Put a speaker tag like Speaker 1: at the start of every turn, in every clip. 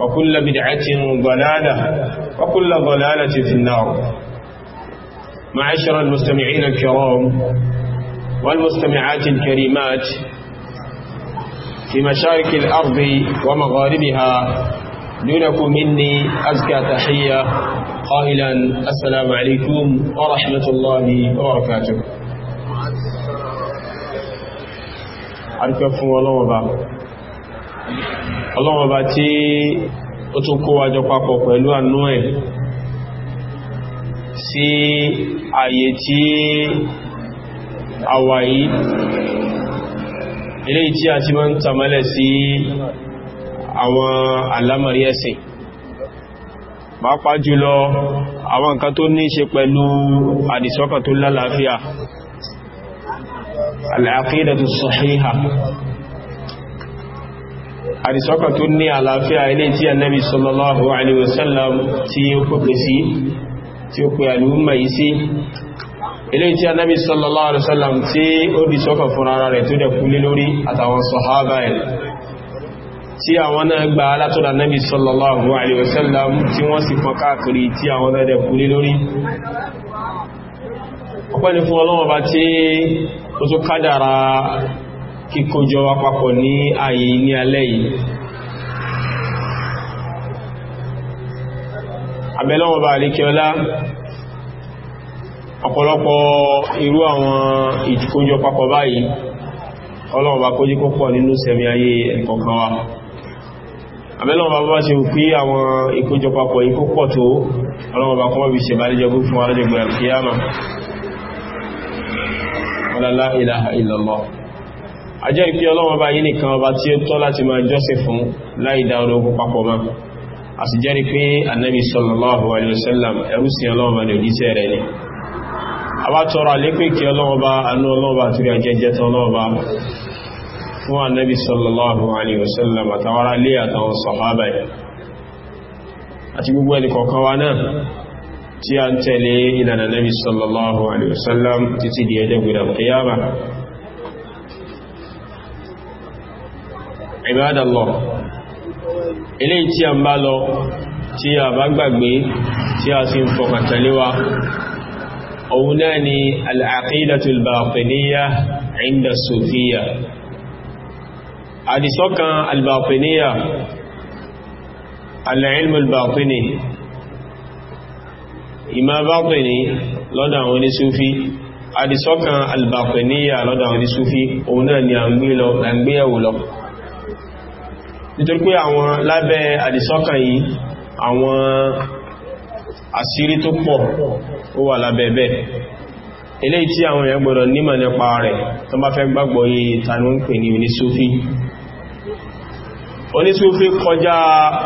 Speaker 1: وكل بدعة ضلالة وكل ضلالة في النار معاشر المستمعين الكرام والمستمعات الكريمات في مشارق الأرض ومغاربها دونكم مني أزكى تحية قائلا السلام عليكم ورحمة الله وبركاته أركب فوالله وبركاته ọlọ́wọ́n bá tí ó tún kó wájọ papọ̀ pẹ̀lú àánú ẹ̀ sí ààyè tí a wà yìí ilé tí a ti máa ń tàmálẹ̀ sí àwọn alámàrí ẹ̀sìn pàápàá jùlọ àwọn nǹkan tó ní ṣe pẹ̀lú àdìsọ́kàn tó lálàáfíà al-aqidatu as àdìsọ́kàn tó ní àlàáfíà ilé tí annabi sallallahu alaihi wasallam tí ó pèpè sí tí ó pè àlúmà yìí sí ilé tí annabi sallallahu alaihi wasallam tí ó dìsọ́kàn fún ara rẹ̀ tó dẹ̀kúlé lórí àtàwọn sọ̀hábà ẹ̀ tí àwọn náà sallallahu alaihi wasallam tí wọ́n sì fọ́n káàkiri tí àwọn náà dẹ̀kúlé lórí ọpẹ́ ni fún kíkójọ wa papọ̀ ní ààyè ní alẹ́ yìí abẹ́lọ́wọ̀n bá alékiọlá ọ̀pọ̀lọpọ̀ irú àwọn ìkójọ papọ̀ báyìí ọlọ́wọ̀n bá kójí púpọ̀ nínú sẹ̀mí ayé ẹ̀kọ̀kan wa abẹ́lọ́wọ̀n bá bá ṣe pí àwọn ìkójọ papọ̀ yìí púpọ̀ tó ọlọ́wọ̀n bá kọ́mọ̀ bí ṣe bá lẹ́jọ́ fún wa lọ́jọ́ gbẹ̀rẹ̀ kíyàmà wala la ilaha illallah a jẹ́ ìpí ọlọ́wọ́ bá yìí nìkan ọba tí ó tọ́ láti máa jọ́sìn fún láìdá ológun papọ̀ mọ́ a sì jẹ́rí pé annabi sallallahu alaihi wasallam ẹrú sí ọlọ́wọ́ ni òjíṣẹ́ rẹ̀ ni a wá tọrọ àlékún ìkẹ́ ọlọ́wọ́ bá anú ọlọ́wọ́ bá torí ajẹ́jẹ́ tán ọlọ́wọ́ bá fún annabi sallallahu alaihi wasallam àtàwárá lé àtàwọn sọ̀hábà àti gbogbo ẹni tí a ń tẹ̀lé ìlànà nabi sallallahu alaihi wasallam títí di ẹjẹ́ gbìdàmù Ibadallah eléyìí tí a ń bá lọ tí a bá gbàgbé tí a sì ń fọkàntàléwá òun náà ni al-aqidatul batiniyya inda sufiyya àdìsọ́kan al-batiniyya al-ilmul batini ìmá batini lọ́dọ̀ àwọn onísúfí àdìsọ́kan al-batiniyya lọ́dọ̀ àwọn onísúfí náà ni a ń gbé ẹ̀wù lọ nítorí pé àwọn lábẹ́ àdìsọ́kàn yìí àwọn àṣírí tó pọ̀ ó wà lábẹ́ bẹ́ẹ̀ eléyìí tí àwọn èèyàn gbọ́dọ̀ nímọ̀ nípa rẹ̀ tó bá fẹ́ gbàgbọ́ yí tàbí ń pè ní onísúfí onísúfí kọjá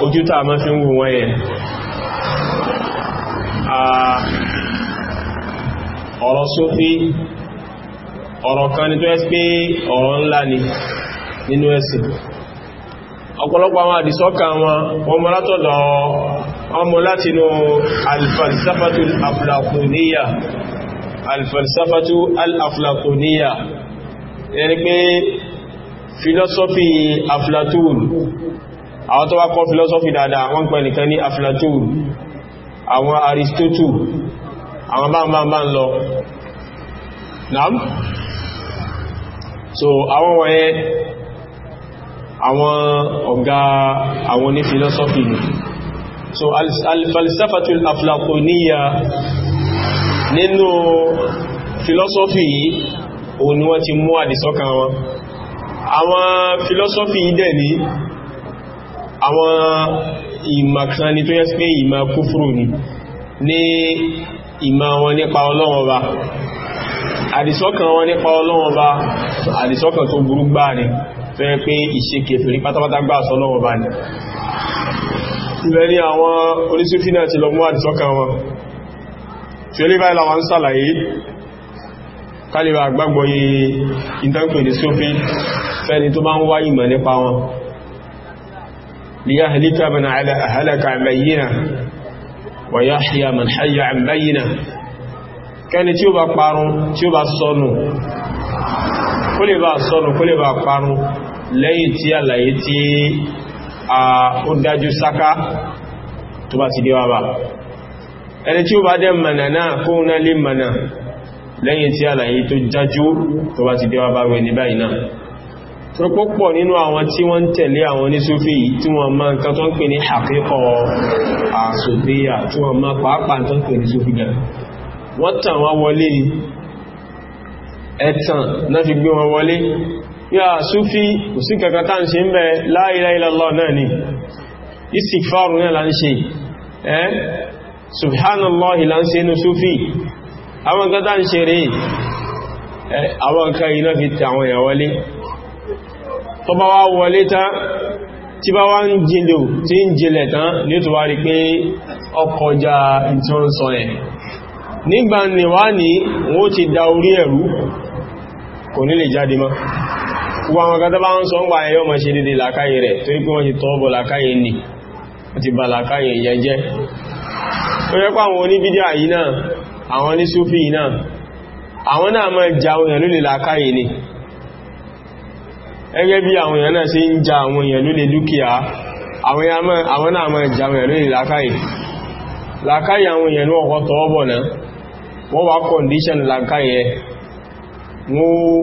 Speaker 1: ojútà mọ́ fi ń wù wọ́n yẹn ọ̀rọ̀ súfí ọ̀rọ̀ kan ni tó ẹ́ pé ọ̀rọ̀ ńlá ni nínú ẹ̀sìn ọ̀pọ̀lọpọ̀ àwọn àdìsọ́kà wọn wọ́n mọ́ látọ̀dọ̀ ọmọ látinú alfalsafatu al'aflakoniya alfalsafatu al'aflakoniya ẹni pé filosofi aflatun àwọn tó wá kọ́ filosofi dáadáa wọ́n pẹ̀ nìkan ní aflatun àwọn aristotle àwọn báńbáńbá ń lọ naam so àwọn wọ̀nyẹn àwọn ọ̀gá àwọn ní philosophy ni so al-falsafatul aflatoniya nínú philosophy yìí òun ni wọ́n ti mú àdìsọ́kàn wọn àwọn philosophy yìí dẹ̀ ní àwọn ìmọ̀kan ni tó yẹ́ sí pé ìmọ̀ kúfúrù ni ní ìmọ̀ wọn nípa Ọlọ́run Ọba àdìsọ́kàn wọn nípa Ọlọ́run Ọba àdìsọ́kàn tó burú gbáà ni tó yẹ pé ìṣe kèfèrí pátápátá gbà sọ lọ́wọ́ bá ní ilẹ̀ ni àwọn oníṣúfí náà ti lọ mú àdìsọ́kàn wọn tí ó lè báyìí làwọn ń sàlàyé kálíwà àgbàgbọ́ yìí ìtànkù ní sófí fẹ́ni tó máa ń parun lẹ́yìn tí àlàyé tí a ó dájú sáká tó bá ti déwà bá ẹni tí ó bá dẹ mọ̀nà náà kóhun náà lè mọ̀nà lẹ́yìn tí àlàyé tó jájú tó bá ti déwà bá rẹ̀ ní báyìí náà tó pọ̀ nínú àwọn tí wọ́n tẹ̀lé àwọn ní Súfì tí wọ́n máa nǹkan tó tàn wọ́n wọlé ẹ̀tàn náà fi gbé wọn wọlé ní a súfí kò sí kankan tá ṣe ń bẹ la ilaha illallah náà ni istighfaru náà la ń ṣe ẹ́ subhanallahi la ń ṣe inú súfí àwọn kan tá ń ṣe rí àwọn kan iná fi tẹ àwọn èèyàn wọlé tó bá wá wọlé tán tí bá wá ń jìnlò tí ń jìnlẹ̀ tán ní pé ọkọjá tí sọ ẹ̀ ni wá ní wọ́n ti da orí ẹ̀rú kò ní lè jáde mọ́ gbogbo àwọn kan tó bá ń sọ ń gbà ẹ̀yọ́ ma ṣe dédé làkáyé rẹ̀ torí pé wọ́n ti tọ́ bọ̀ làkáyé nì àti bà làkáyé yẹ jẹ́ tó yẹ pé àwọn oníbídíà yìí náà àwọn ní súfì yìí náà àwọn náà máa ja àwọn èèyàn lólè làkáyé ni ní wọ́n wá kọ̀ndíṣàn làkáyé wọ́n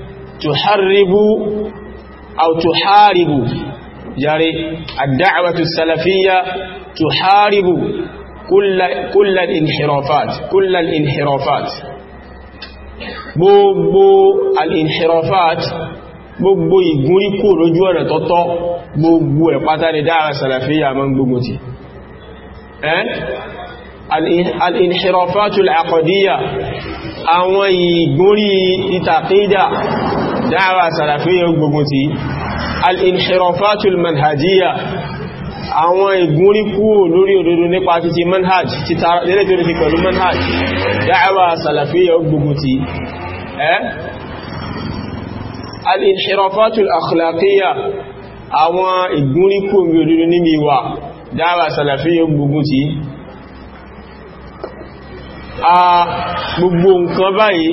Speaker 1: tuharribu aw tuharibu yare ad-da'watu salafiyya tuharibu kull al-inhirafat kull al-inhirafat gbogbo al-inhirafat gbogbo ìgúnríkò lójú ọ̀nà tọ́tọ́ gbogbo ẹ̀ pátá ni dára sàlàfíyà mọ́ gbogbo ti ẹ́n al-inhirafatul aqdiyya àwọn ìgúnrí ìtàkídà dáwà sàràfíyà gbogbo ti al-inhirafatul manhajiyya àwọn ìgúnrí kúrò lórí òdodo nípa títí manhaj títà lẹ́lẹ́tẹ̀rẹ́ fi pẹ̀lú manhaj dáwà sàràfíyà gbogbo ti ẹ́ al-inhirafatul akhlaqiyya àwọn ìgúnrí lórí òdodo níbi ìwà dáwà sàràfíyà gbogbo ti a gbogbo nǹkan báyìí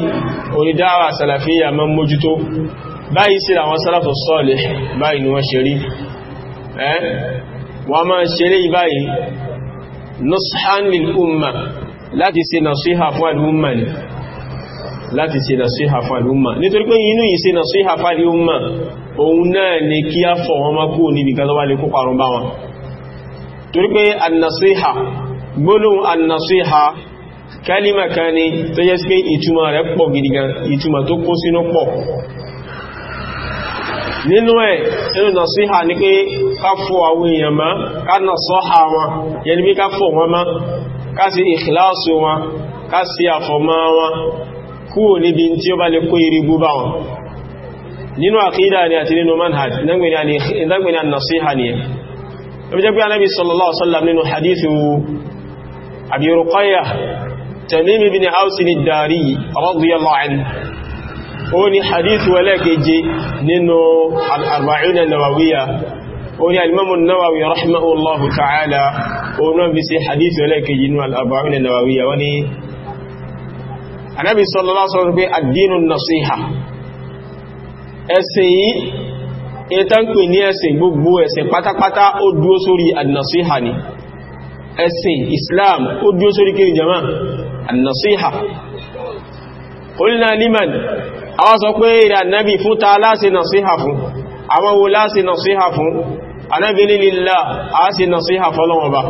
Speaker 1: onídáwà sàlàfíyà máa mójútó báyìí sí àwọn sálàfù sọ́ọ̀lẹ̀ báyìí ni wọ́n ṣe rí wọ́n máa ṣe rí báyìí nushan lil umma láti ṣe nasiha fún al'umma ni láti ṣe nasiha fún al'umma nítorí pé inú yìí ni kí a fọ̀ wọn máa kú níbi kálímà kan ni tó yẹ́ sí pé ìtumọ̀ rẹ̀ pọ̀ gidi gan ìtumọ̀ tó kó sínú pọ̀ nínú ẹ̀ nínú nàṣíhà ní pé ká fọ́ àwọn èèyàn má ká nà sọ́hà wọn yẹni bí ká fọ́ wọn má ká sí ìkìláàsù wọn ká sí àfọ̀mọ́ wọn kúrò níbi tí ó bá lè kó ìrìbú bá wọn nínú àkídà ni àti nínú manhaj ìdágbìnà nàṣíhà ni ẹ̀ ibi jẹ́ pé anábi sallallahu alaihi nínú hadithu Abi Ruqayyah Tamim ibn Aus ad-Dari radiyallahu anhu ó ní hadithu ẹlẹ́keje nínú al-arba'ina nawawiyya ó ní al-Imam an-Nawawi rahimahullahu ta'ala ó náà bí sí hadithu ẹlẹ́keje nínú al-arba'ina nawawiyya wani anábi sallallahu alaihi wasallam pé ad-dinu an-nasiha ẹ̀sìn yìí ìtàn pè ní ẹ̀sìn ó dúó sórí ad-nasiha annasiha qulna liman àwọn sọ pé ìrà nábi fúta láti nasiha fún àwọn wo láti nasiha fún anábi nílìlá a sì nasiha fọ́lọ́wọ́ba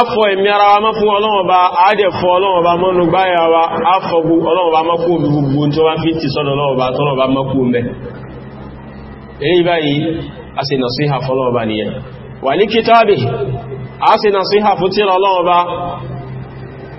Speaker 1: afọ ẹ̀mí ara wa mọ́ fún ọlọ́wọ́ba àádẹ́fọ́ ọlọ́wọ́ba mọ́nu gbáyà wa afọ́gbù ọlọ́wọ́ba mọ́kú gbogbo tó wá fi ti sọ́dọ̀ ọlọ́wọ́ba tọ́lọ́wọ́ba mọ́kú mẹ́ èyí báyìí a sì nasiha fọ́lọ́wọ́ba nìyẹn wà ní kítàbì a sì nasiha fún tíra ọlọ́wọ́ba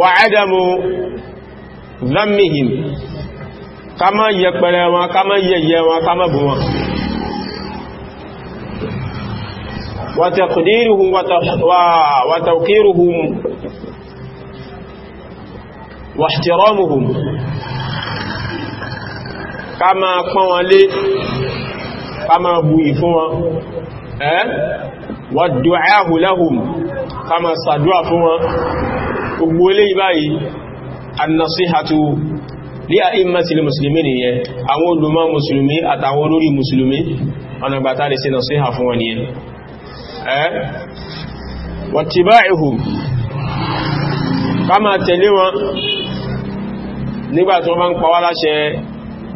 Speaker 1: wa adamu dhammihim ká má yẹpẹrẹ wọn ká má yẹyẹ wọn ká má bú wọn wa taqdiruhum wa ká má pọ́n wọn lé ká má bù ìfún wọn ẹ́ wa du'ahu lahum ká máa ṣàdúrà fún wọn gbogbo eléyìí báyìí annasihatu li a'immatil muslimin nìyẹn àwọn olùmọ̀ mùsùlùmí àtàwọn olórí mùsùlùmí ọ̀nàgbàtà lè ṣe nasiha fún wọn nìyẹn wattiba'uhum ká máa tẹ̀lé wọn nígbàtí wọ́n bá ń pàwọ́ láṣẹ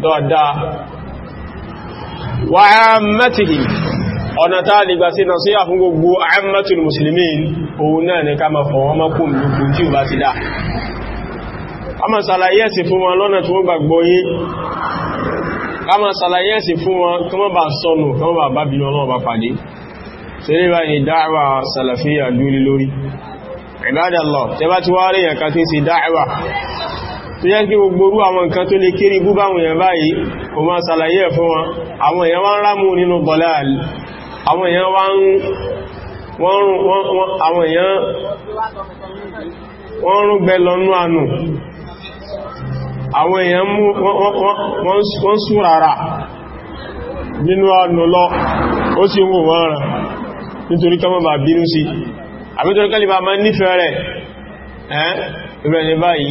Speaker 1: dáadáa ọ̀nà táà lè gbà sí na sí àfún gbogbo àmàtùl muslimin òun náà ní ká ma fọ̀ wọ́n mọ́kùn lókùn tí ó bá ti dá a ma sàlàyé sí fún wọn lọ́nà tí wọ́n gbàgbọ́ yí a ma sàlàyé sí fún wọn kí wọ́n bá sọnù kí wọ́n bá bá bí lọ́nà ọba pàdé sẹ́lẹ̀ bá ní dáàwà sàlàfíyà dúrí lórí tí ń kí gbogbo orú àwọn nǹkan tó lè kéré bú báwọn báyìí kò máa sàlàyé ẹ̀ fún wọn àwọn èèyàn wá rámù nínú bọ̀láàlì àwọn èèyàn wá ń àwọn èèyàn wọ́n rún gbẹ lọ́nú ànù àwọn èèyàn mú wọ́n súrara nínú ànù lọ ó sì wò wọ́n rán nítorí kọ́mọ̀ bà bínú sí àbítorí kálìbà máa nífẹ̀ẹ́ rẹ̀ ẹ́ báyìí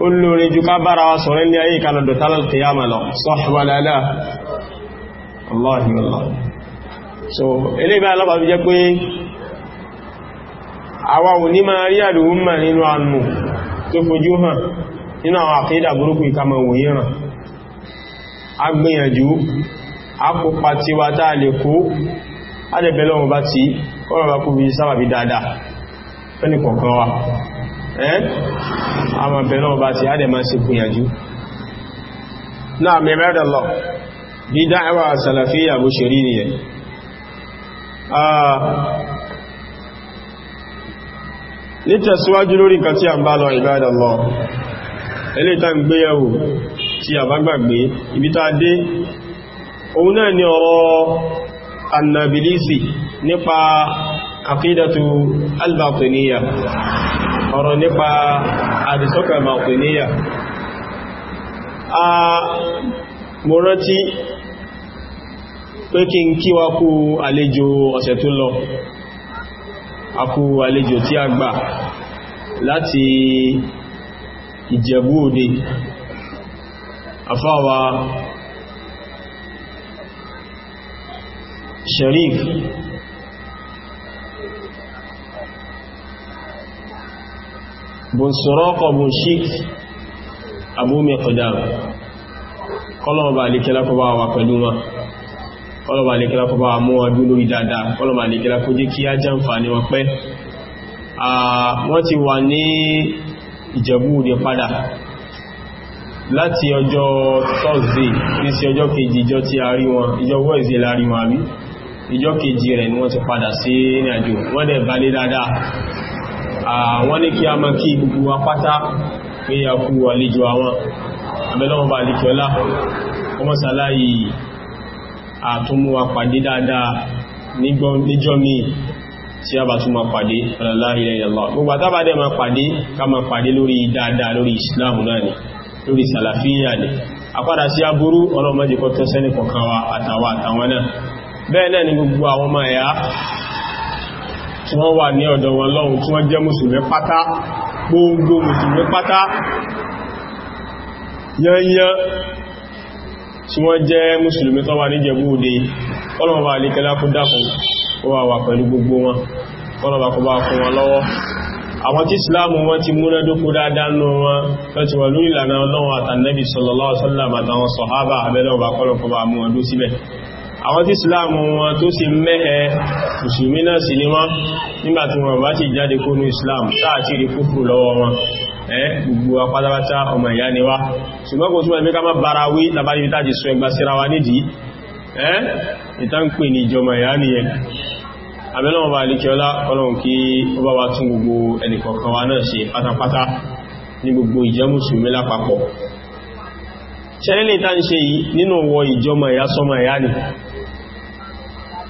Speaker 1: olóore ju ká bára wa sọ̀rọ̀ ní ayé ìkàlọ̀dọ̀ tálàkìyàmà lọ sọ́hwàlálà allahimọ̀lá so eléyìí bá lọ́pàá fi jẹ́ pé àwa ò ní máa rí àdúgbùmà nínú àánú tó fojú hàn nínú àwọn àkídà burúkú ìkàmà wòyíràn a gbìyànjú a kópa tí wa táà Eh? a àmà bẹ̀rẹ̀ ọba ti adẹ̀ máa ṣe gbìyànjú náà mẹ́rẹ́dà lọ bí dáẹwà sàlàfíyà bó ṣe rí nìyẹ nítẹ̀síwájú lórí nǹkan tí a ń bá lọ ìbádà lọ ilé ìta ń gbé ẹwò tí a bá gbàgbé ibi tá dé òun náà ni ọ̀rọ̀ annabilisi nípa àkídàtù albatiniya ọ̀rọ̀ nípa àdìsọ́kà mauritania a mo rántí pé kí n kí wa kú àlejò ọ̀sẹ̀ tó lọ a kú àlejò tí a gbà láti Ìjẹ̀bú Òde afáwa Sharif bùn sọ́rọ́kọ̀ bùn sheik abu mẹ́kọ̀dán kọlọ̀mọ̀bà alékẹ́lá kọba wà pẹ̀lú wọn kọlọ̀mọ̀bà alékẹ́lá kọba mọ́ ọdún lórí dáadáa kọlọ̀mọ̀bà alékẹ́lá kó jẹ́ kí á jẹ́ ǹfàní wọn pẹ́ wọ́n ti wà ní ìjẹ̀bú òde padà láti ọjọ́ thursday ní sí ọjọ́ kejì ìjọ tí a àwọn ní kí a máa kí gbogbo wa pátá pé a kú àlejò àwọn abẹ́lọ́wọ́n bá lè kíọ́lá ọmọ sàláyì àtúnmúwa pàdé dáadáa níjọ́ mi tí a bá tún máa pàdé la ilaha illallah gbogbo àtàbádẹ́ máa pàdé ká wa àtàwà àtàwọn náà ni gbogbo àwọn ọmọ tí wọ́n wà ní ọ̀dọ̀ wọn lọ́hùn tí wọ́n jẹ́ mùsùlùmí pátá gbogbo mùsùlùmí pátá yanyan tí wọ́n jẹ́ mùsùlùmí tó wà ní Ìjẹ̀bú Òde ọlọ́mọba àlékẹ́lá kó dákun ó wà wà pẹ̀lú gbogbo wọn ọlọ́mọba kó bá fún wọn lọ́wọ́ sallallahu alaihi wasallam àtàwọn sọ̀hábà abẹ́lọ́wà kọ́lọ̀kọ́ bá àwọn tí islam wọn tó sì mẹ́ẹ̀ musulmi náà sí ní wọ́n nígbàtí wọn bá ti jáde kó ní islam sáàtì rí kúfùrù lọ́wọ́ wọn ẹ́ gbogbo apátápátá ọmọ ìyá ni wá ṣùgbọ́n kò túnmọ̀ ẹ̀mí wa nídìí ẹ́ ìtàn pè ní ìjọmọ̀ ìyá nìyẹn abẹ́lọ́wọ́ bá lè kí ọlá ọlọ́run kí ó bá wa tún gbogbo ẹnìkọ̀ọ̀kan wa náà ṣe pátápátá ní gbogbo ìjẹ́ mùsùlùmí lápapọ̀ ṣẹlẹ́lẹ́ ìta ń ṣe yìí nínú wọ ìjọmọ̀ ìyá sọmọ ìyá ni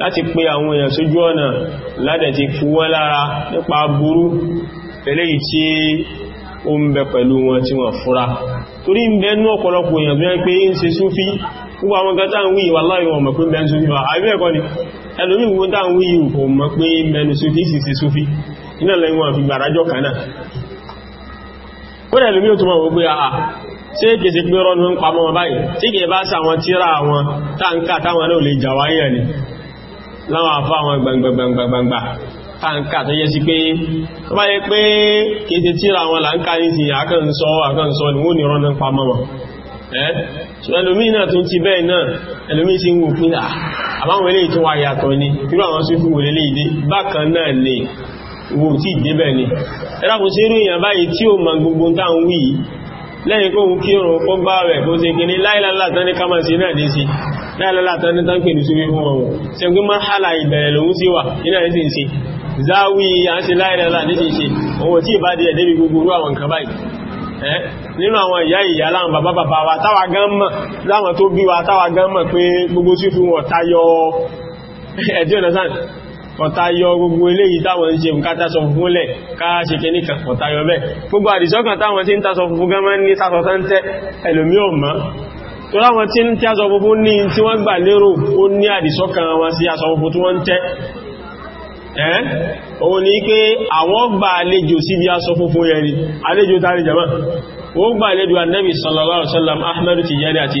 Speaker 1: láti pé àwọn èèyàn sójú ọ̀nà ládẹ̀ ti fún wọn lára nípa burú eléyìí tí ó ń bẹ pẹ̀lú wọn tí wọ́n fura torí ń ọ̀pọ̀lọpọ̀ èèyàn tó pé ń ṣe súfí pé bẹ́ẹ̀ ni ẹlòmí gbogbo tá ń wí ìwò mọ̀ pé mẹ́nu súfí sì ṣe súfí iná lẹ́yìn wọn fi gbàrájọ́ kan náà kódà ẹlòmí ò tó mọ̀ wọ́pẹ́ àà tí è kèsì pé rọ́nù ń pamọ́ báyìí tí kè bá sàwọn tíra àwọn táǹkà táwọn náà lè jà wáyé ni láwọn àfá àwọn gbangbangbangbangbangba táǹkà tó yẹ sí pé tó yẹ pé kéte tíra àwọn làǹkà ní ti àkànsọ́ àkànsọ́ ni wọ́n ni rọ́nà pamọ́ wọn ẹ́ ẹlòmí náà tó ti bẹ́ẹ̀ náà ẹlòmí sí ń wò pín ah, àbáwọn eléyìí tó wà yàtọ̀ lẹ́yìn kó wù kírùn kó gbá rẹ̀ kó se gini láìláìlá tán ní kama sí náà dé sí láìláìlá tán ní tán pè ní sórí fún ọmọ ṣe gbé máa hálà ìbẹ̀rẹ̀ lòun sí wà iná ní sí ń záwí ya ń se láìláìlá ní sí ṣe owó tí ìbá di ẹ̀dẹ́bí gbogbo àwọn nǹkan báyìí nínú àwọn ìyá ìyá láwọn bàbá bàbá wa ọ̀tayọ gbogbo eléyìí táwọn ń ṣe bùkátà sọ fún lẹ̀ káà ṣe kì níkan ọ̀tayọ bẹ́ gbogbo àdìsọ́kàn táwọn tí ń tasọ fún gẹ́mọ́ ní tasọ tán tẹ́ ẹlòmí ọ̀mọ́ tó láwọn tí ń tí asọ fún ní tí wọ́n gbà lérò ó ní àdìsọ́kàn wọn sí asọ fún tí wọ́n tẹ́ ẹ́ òun ni pé àwọn gbà àlejò sí bí asọ fún yẹn ni àlejò tàrí jama ó gbà àlejò annabi sallallahu alaihi wasallam ahmed tijani àti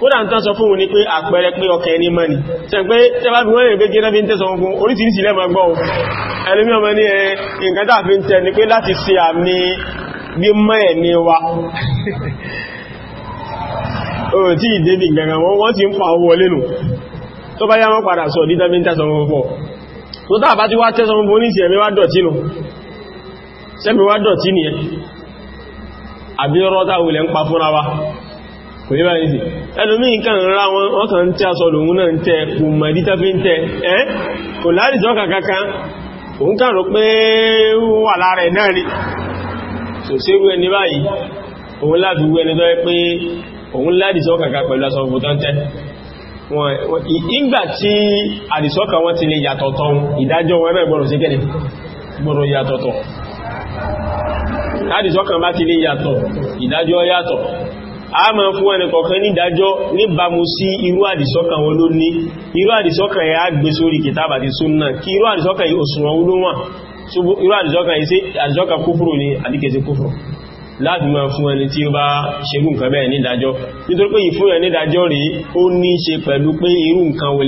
Speaker 1: kódà ń tán sọ fún ní pé àpẹẹrẹ pé ọkẹ̀ ní mọ́ni tẹ́ pé tẹ́bá bí wọ́n ìgbé gẹ́gẹ́ bí ń tẹ́sọ fún orísìírísìí lẹ́mọ̀ gbọ́ ẹlùmí ọmọ ní ẹ nǹkan tàà fi ń tẹ́ ni pé láti ṣe àmì gbímọ́ ẹ̀mí wa tí ìdébì gẹ̀gẹ̀ wọ́n ti ń pa owó lẹ́nu tó bá yá wọ́n padà sọ dídá bí ń tẹ́sọ fún fọ́ tó tàà bá ti wá tẹ́sọ fún fún ní ìsẹ̀mí wá àbí rọ́ta wulẹ̀ ń pa fúnra wa kò ní báyìí sí ẹlòmí nǹkan ra wọn wọ́n kàn ń tẹ́ aṣọ lòun náà ń tẹ́ kò mọ̀ ìdí tẹ́fí ń tẹ́ ẹ́ kò láàrín tọ́ka kankan òun kàn rò pé wà lára ẹ̀ náà ni so sérú ẹni báyìí òun láti wú ẹni tọ́ pé òun láàrín tọ́ka kankan pẹ̀lú aṣọ fún tọ́ntẹ́ ìgbà tí àdìsọ́kà wọn ti lè yàtọ̀tọ̀ ìdájọ́ wọn náà gbọ́rọ̀ sí kẹ́lẹ̀ gbọ́rọ̀ yàtọ̀tọ̀ láàrín tọ́kà bá ti lè yàtọ̀ ìdájọ́ yàtọ̀ a máa fún ẹni kọ̀ọ̀kan ní ìdájọ́ níbàmú sí irú àdìsọ́kàn wọn ló ní irú àdìsọ́kàn ẹ̀ á gbé sórí kìtàbà àti súnnà kí irú àdìsọ́kàn yìí òsùnwọ̀n ló wà irú àdìsọ́kàn yìí sí àdìsọ́kàn kúfùrù ni àdíkẹsí kúfùrù láti máa fún ẹni tí ó bá ṣerú nǹkan bẹ́ẹ̀ ní ìdájọ́ nítorí pé ìfún ẹ̀ ní ìdájọ́ rí ó ní ṣe pẹ̀lú pé irú nǹkan wo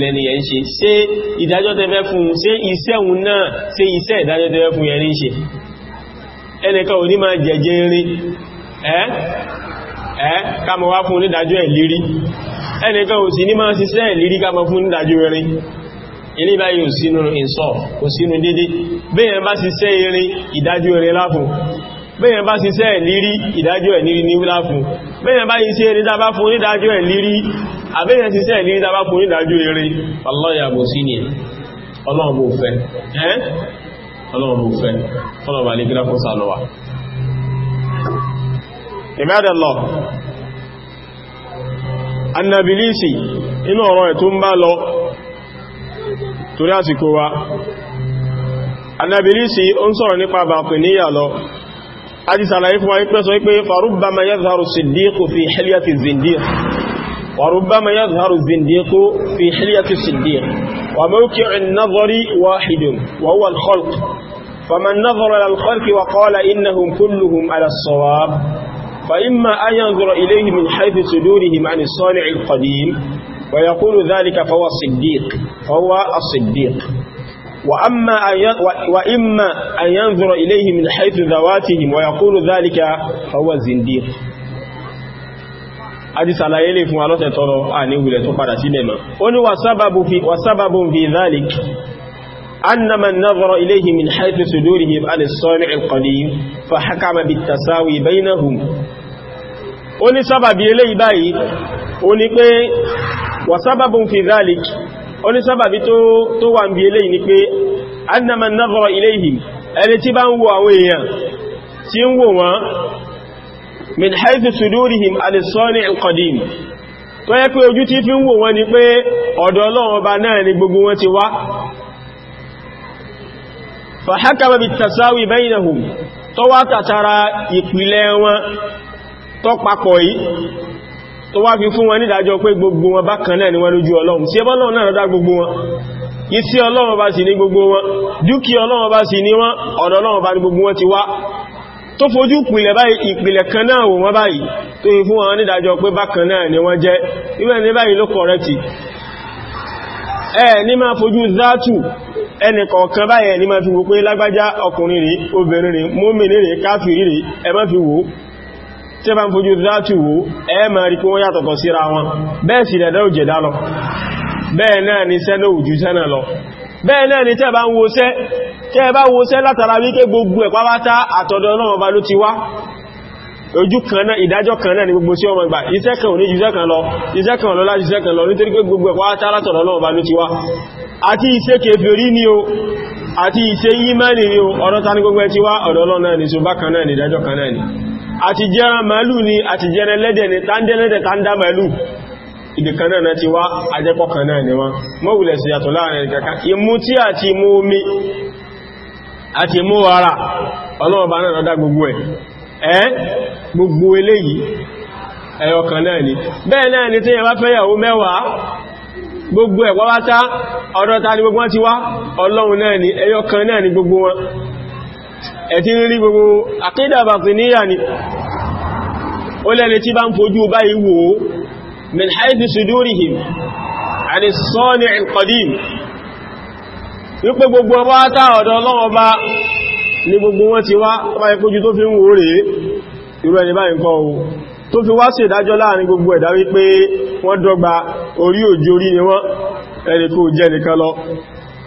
Speaker 1: ẹnìkan ò ní máa jẹ̀jẹ̀ rí ẹ́ ẹ́ kàmọ̀ wá fún onídàájú ẹ̀ lérí ẹnìkan ò sí ní máa ṣiṣẹ́ ẹ̀ lérí kàmọ̀ fún onídàájú erin ilé báyìí ò sínú ìsọ̀ ò sínú dédé bẹ́yẹn bá ṣiṣẹ́ erin ìdájú erin láfún bẹ́yẹn bá ṣiṣẹ́ ẹ̀ ìdájọ́ ìdájú ní láfún bẹ́yẹn bá ṣiṣẹ́ erin dábá fún onídàájú ẹ̀ àbẹ́yẹn ṣiṣẹ́ ẹ̀ lérí fún onídàájú sí ni fẹ́ fẹ́ عباد الله النابلسي inú ọ̀rọ̀ ẹ̀ tó ń bá lọ torí àsìkò wa النابلسي ó ń sọ̀rọ̀ nípa bàtíníyà lọ a ti sàlàyé fún wáyé pẹ́sọ wípé فربما يظهر الصديق في حلية الزنديق وربما يظهر الزنديق في حلية الصديق وموقع النظر واحد وهو الخلق فمن نظر للخلق وقال إنهم كلهم على الصواب فإما أن ينظر إليه من حيث صدورهم عن الصانع القديم ويقول ذلك فهو الصديق فهو الصديق وأما وإما أن ينظر إليه من حيث ذواتهم ويقول ذلك فهو الزنديق أدي سلايلي فما لا تترى أني ولا تفرى سينما وسبب في وسبب في ذلك أن من نظر إليه من حيث صدورهم عن الصانع القديم فحكم بالتساوي بينهم ó ní sábàbí eléyìí báyìí ó ní pé wà sábàbùn fi dhalik ó ní sábàbí tó wà ń bí eléyìí ni pé annaman nadhara ilayhim ẹni tí bá ń wo àwọn èèyàn tí ń wò wọ́n min haythu sudurihim al-sani' tó yẹ pé ojú tí fi ń wò wọ́n ni pé ọ̀dọ̀ fa hakama bit tasawi bainahum tó wá tàtàrà ìpìlẹ̀ wọn tó papọ̀ yìí tó wá fi fún wọn nídàájọ́ pé gbogbo wọn bákan náà ni wọ́n lójú ọlọ́run tí ẹbọ́ náà náà dá gbogbo wọn ìtí ọlọ́run bá sì ní gbogbo wọn dúkìá ọlọ́run bá sì ní wọn ọ̀dọ̀ ọlọ́run bá ní gbogbo wọn ti wá tó fojú ìpìlẹ̀ báyìí ìpìlẹ̀ kan náà wò wọ́n báyìí tó fi fún wọn nídàájọ́ pé bákan náà ni wọ́n jẹ́ ibẹ̀ ní báyìí ló kọ̀rẹ́tì ẹ tí bá ń fojú dátù wò ẹ máa rí kí wọ́n yàtọ̀tọ̀ síra wọn bẹ́ẹ̀ sì lẹ̀dẹ́ òjè dá lọ bẹ́ẹ̀ náà ni sẹ́ lóò jù sẹ́nà lọ bẹ́ẹ̀ náà ni tẹ́ bá ń wòsẹ́ tẹ́ bá wòsẹ́ látara wíké gbogbo ẹ̀ pápátá àtọ̀dọ̀ náà ọba ló ti wá ojú kan náà ìdájọ́ kan náà ni gbogbo sí ọmọ ni o àti ni o ọ̀rọ̀ ta ní gbogbo ẹ̀ ti wá ọ̀dọ̀ náà ni so bákan náà ìdájọ́ kan náà àti jẹran màálù ni àti jẹran lẹ́dẹ̀ ni tándẹ́lẹ́dẹ̀ tándá màálù ìdìkan náà na ti wá ajẹ́pọ̀kan náà ni wọ́n mọ́wùlẹ̀ sí yàtọ̀ láàrin kankan tí omi àti ara gbogbo náà ni gbogbo gbogbo wọn ti wá ọlọ́run náà gbogbo ẹ̀tí rí gbogbo àkídà bàtíníyà ni ó lẹ́ni tí bá ń fojú báyìí wò ó min haithu sudurihim àti sọ́ọ̀nì al-qadim wípé gbogbo ọba tá ọ̀dọ̀ ọlọ́ọba ní gbogbo wọn ti wá ọba ìpójú tó fi ń wò rèé irú ẹni báyìí kọ́ o tó fi wá sí ìdájọ́ láàrin gbogbo ẹ̀dá wípé wọ́n dọ́gba orí òjò orí ni wọ́n ẹni kó jẹ́ nìkan lọ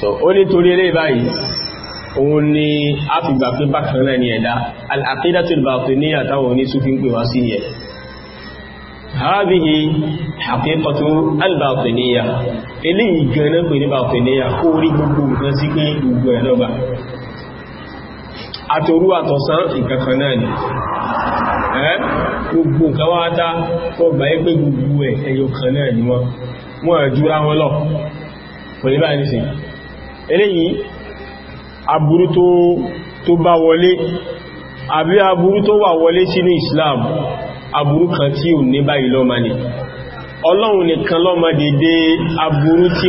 Speaker 1: so ó nítorí eré báyìí òun ni a fi gbà pé bákan náà ni ẹ̀dá al-aqidatul batiniyya táwọn ní Sufi ń pè wá sí yẹ hadhihi haqiqatu al-batiniyya eléyìí gan-an pè ní batiniyya kó rí gbogbo nǹkan sí pé gbogbo ẹ̀ lọ́gbà àtòrú àtọ̀sán ìkankan náà ni gbogbo nǹkan wá dá wọ́n gbà yí pé gbogbo ẹ̀ ẹyọ kan náà ni wọ́n wọ́n jùra wọn lọ pẹ̀lú báyìí nìsìn eléyìí aburú tó bá wọlé àbí aburú tó wà wọlé sínú Islam aburú kan tí ò ní báyìí lọ́mà ní ọlọ́run nìkan lọ́mà dédé aburú tí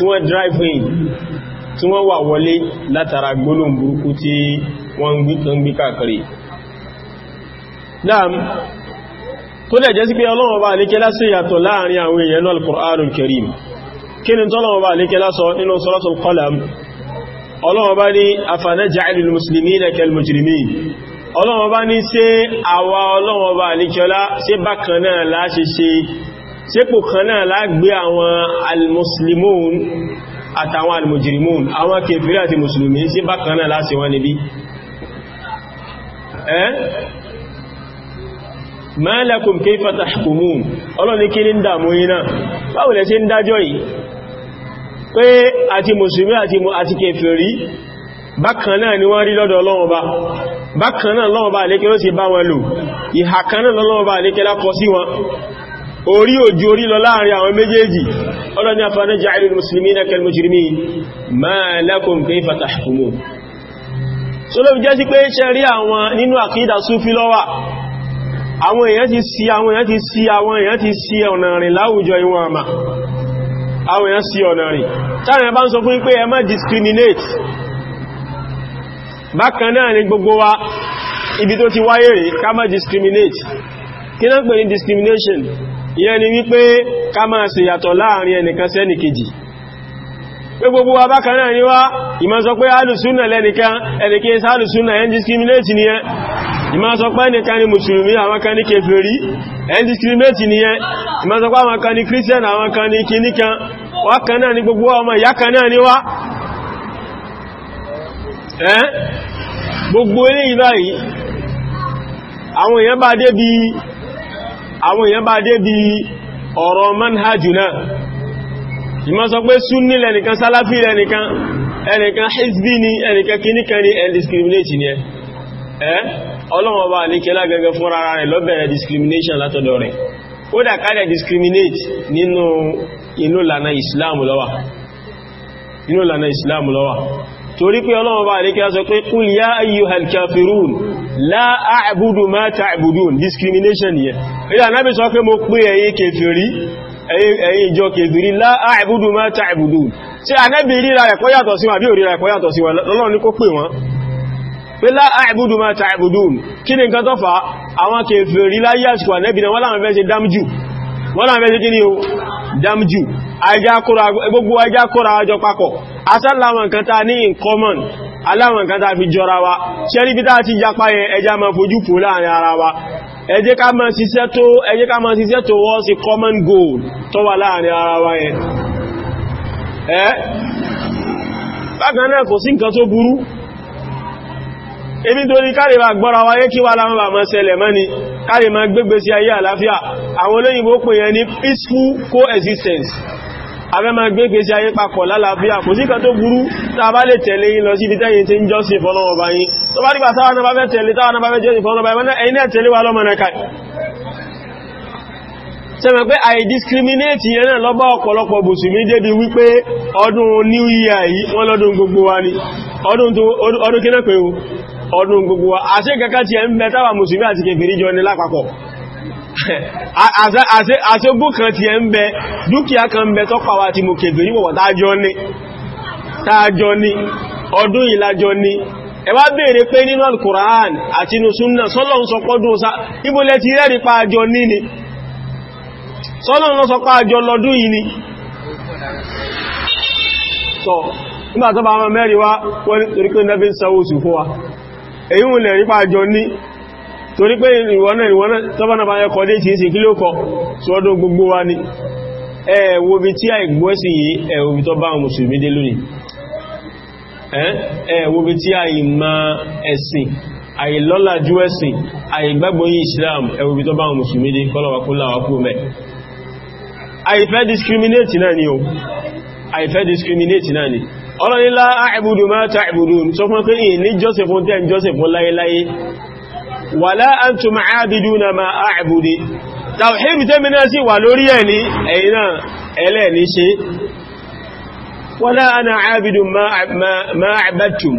Speaker 1: wọ́n drive in tí wọ́n wà wọlé látara gbólóhùn burúkú tí wọ́n ń gbí kàkiri náà tó dẹ̀ sí pé ọlọ́run bá ní kẹ́lá sí ìyàtọ̀ láàrin àwọn èèyàn náà Al-Qur'anul kí ni tọ́lọ̀wọ́ bá ní kí lásọ inú suratul qalam ọlọ́wọ́ bá ní afanaj'alul muslimina kal mujrimin ọlọ́wọ́ bá ní ṣe àwa ọlọ́wọ́ bá ní kíọlá ṣe bákan náà láṣe ṣe ṣépò kan náà lágbé àwọn al-muslimun àtàwọn al-mujrimun àwọn kèfèrí àti mùsùlùmí ṣe bákan náà ma lakum kayfa tahkumun ọlọ́ni kí ní dàmú yí náà báwo ń dájọ́ yìí pé àti mùsùlùmí àti kèfèrí bákan náà ni wọ́n rí lọ́dọ̀ Ọlọ́run Ọba bákan náà lọ́wọ́ bá lékẹ́ ló sì bá wọn lò ìhà kan náà lọ́wọ́ bá lékẹ́ lákọ sí wọn orí òjú orí lọ láàrin àwọn méjèèjì ọlọ́ni afẹ́nà ja'ilu al-muslimina kal-mujrimin ma lakum kayfa tahkumun so ló jẹ́ sí pé ṣẹ́rí àwọn nínú àkídà súfí lọ́wà àwọn èèyàn ti sí àwọn èèyàn ti sí àwọn èèyàn ti sí ọ̀nà rìn láwùjọ ìwọ̀n àmà àwọn èèyàn sí ọ̀nà rìn táwọn èèyàn bá ń sọ fún pé ẹ má ni gbogbo wa ibi tó ti wáyé rẹ̀ ká má discriminate kí náà pè ní discrimination ìyẹn ni wípé ká má ṣe yàtọ̀ láàrin ẹnìkan gbogbo wa bákan náà ni wá ìmá sọ pé alùsúnà lẹ́nìkan ẹn discriminate ni ẹ ìmá sọ pé ẹnìkan ni mùsùlùmí àwọn kan ní ẹn discriminate ni ẹ ìmá sọ pé àwọn kan christian àwọn kan wákan náà ni gbogbo ọmọ ìyákan náà ni wá ẹ́ gbogbo ilé ìbáyìí àwọn èèyàn bá dé bí àwọn èèyàn bá dé bí ọ̀rọ̀ manhajù náà ìmọ́ sọ pé súnní lẹ́nìkan sálàfí lẹ́nìkan ẹnìkan hizbi ni ẹnìkan kìníkan ni ni ẹ ọlọ́wọ́ bá ní kẹlá gẹ́gẹ́ fún rárá rẹ̀ lọ́bẹ̀rẹ̀ discrimination látọ̀dọ̀ rẹ̀ ó dà kádẹ̀ discriminate nínú inú lànà ìsìláàmù lọ́wà inú lànà ìsìláàmù lọ́wà torí pé ọlọ́wọ́ bá rí kí a sọ pé kúl yá ayyuhal kafirun la a'budu ma discrimination yẹ ilẹ̀ anábi sọ pé mo pé ẹ̀yin kèfèrí ẹ̀yin ìjọ kèfèrí la a'budu ma ta'budun tí anábi ríra ẹ̀kọ́ yàtọ̀ sí wọn àbí òríra ẹ̀kọ́ yàtọ̀ sí wọn lọ́lọ́ ní kó pè wọn pé la a'budu ma ta'budun kí ni nǹkan tó fà wọ́n náà mẹ́sí kí ní o dámjú gbogbo ajá kóra àjọ papọ̀ asálàwọn nǹkan ta ní in common aláwọn nǹkan ta fi jọra wa ṣẹ́rí bí táà ti yapa yẹn ẹjá ma fojú fò láàrin ara wa ẹ ká máa ṣiṣẹ́ tó ẹ ká máa ṣiṣẹ́ tó wọ́n sí common goal tó wà láàrin ara wa yẹn ẹ́ bákan náà kò sí nǹkan tó burú ebi torí káre ma gbọ́ra wáyé kí wà láwọn àmọ́ ṣẹlẹ̀ mọ́ ni káre ma gbégbé sí ayé àlàáfíà àwọn olóyìnbó pè yẹn ní peaceful coexistence abẹ́ ma gbégbé sí ayé papọ̀ lálàáfíà kò sí kan tó burú tá lè tẹ̀lé yín lọ síbi tẹ́yìn tí ń jọ́sìn fọ́lọ́wọ́ bá yín tó bá nígbà náà bá ọdún gbogbo wa àṣẹ kankan tí ẹ ń bẹ táwà mùsùlùmí àti kèfèrí jọ ní lápapọ̀ àṣẹ bú kan tí ẹ ń bẹ dúkìá kan bẹ tọ́pàá wa ti mú kèfèrí wọ̀wọ̀ tájọ́ ní tájọ́ ní ọdún ìlàjọ́ ní ẹ wá pé nínú al-Qur'an àti inú súnnà sọ́lọ́n sọ pọ́dún sá ibólẹ̀ ti rẹ́rì ni sọ́lọ́n sọ pa àjọ lọ́dún yìí ni sọ nígbàtọ́ bá mẹ́rin wá wọ́n torí pé nẹ́bí sáwọ́sù fún wa èyí ń lẹ̀ nípa àjọ ní torí pé ìwọ̀nà ìwọ̀nà tọ́bọ̀nà bá yẹkọ̀ dé ti ń sì kí ló kọ sọ́dọ̀ gbogbo wa ni ẹ̀ẹ̀wò bí tí àìgbọ́sì yìí ẹ̀ẹ̀wò bí tọ́ bá mùsùlùmí dé lónìí ẹ̀ẹ̀wò tí àìmọ̀ ẹ̀sìn ẹ̀sìn Islam ẹ̀wò bí tọ́ bá àwọn mùsùlùmí dé kọ́lọ̀wàkúnláwàkú mẹ́ àìfẹ́ discriminate náà ọlọ́nilá àìbùdù máa ta àìbùdù tó fún pé ní jọ́sẹ̀ fún tẹ́ jọ́sẹ̀ fún láyéláyé wala antum aabiduna ma àìbùdì tàwàhírù tẹ́ mìíràn sí wà lórí ẹ̀ ní ẹ̀yìn náà ẹlẹ́ni ṣe wala ana àìbùdù ma àìbàtù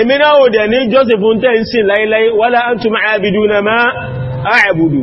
Speaker 1: èmi náà ò dẹ̀ ní jọ́sẹ̀ fún tẹ́ sí láyéláyé wala antum aabiduna ma àìbùdù